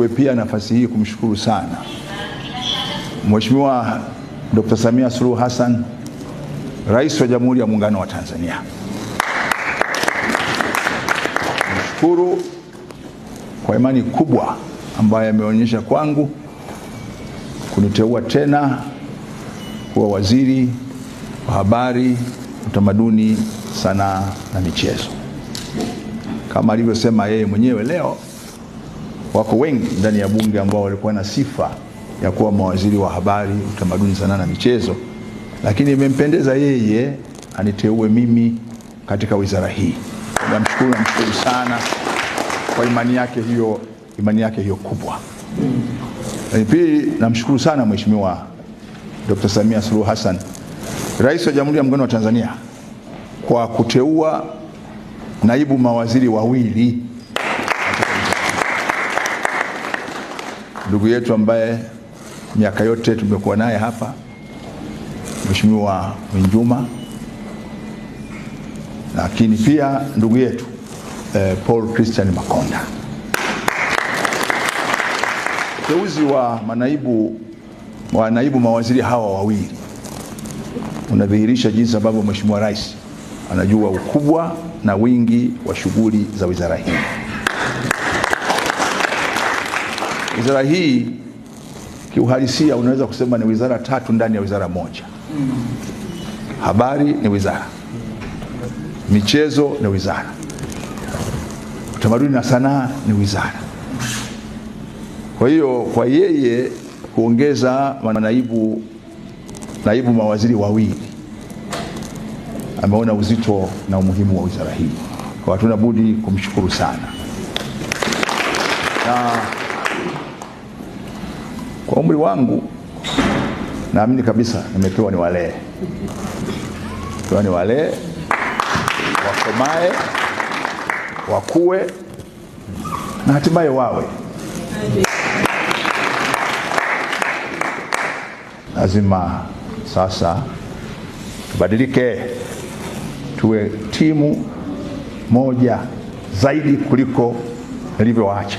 nichukue pia nafasi hii kumshukuru sana Mheshimiwa Dr. Samia Suluhu Hassan, Rais wa Jamhuri ya Muungano wa Tanzania. Nashukuru kwa imani kubwa ambayo ameonyesha kwangu kuniteua tena kuwa waziri wa habari, utamaduni, sanaa na michezo. Kama alivyosema yeye mwenyewe leo Wako wengi ndani ya bunge ambao walikuwa na sifa ya kuwa mawaziri wa habari, utamaduni, sanaa na michezo, lakini imempendeza yeye aniteue mimi katika wizara hii. Namshukuru, namshukuru sana kwa imani yake hiyo, imani yake hiyo kubwa. Lakini pili, namshukuru sana Mheshimiwa Dr. Samia Suluhu Hassan, Rais wa Jamhuri ya Muungano wa Tanzania, kwa kuteua naibu mawaziri wawili ndugu yetu ambaye miaka yote tumekuwa naye hapa, Mheshimiwa Mwinjuma, lakini pia ndugu yetu eh, Paul Christian Makonda. Uteuzi wa manaibu wa naibu mawaziri hawa wawili unadhihirisha jinsi ambavyo Mheshimiwa Rais anajua ukubwa na wingi wa shughuli za wizara hii. Wizara hii kiuhalisia unaweza kusema ni wizara tatu ndani ya wizara moja. Habari ni wizara, michezo ni wizara, utamaduni na sanaa ni wizara. Kwa hiyo kwa yeye kuongeza manaibu naibu mawaziri wawili, ameona uzito na umuhimu wa wizara hii, kwa hatuna budi kumshukuru sana na kwa umri wangu naamini kabisa nimepewa wale pewa wale wakomae, wakue na hatimaye wawe. Lazima sasa tubadilike, tuwe timu moja zaidi kuliko nilivyoacha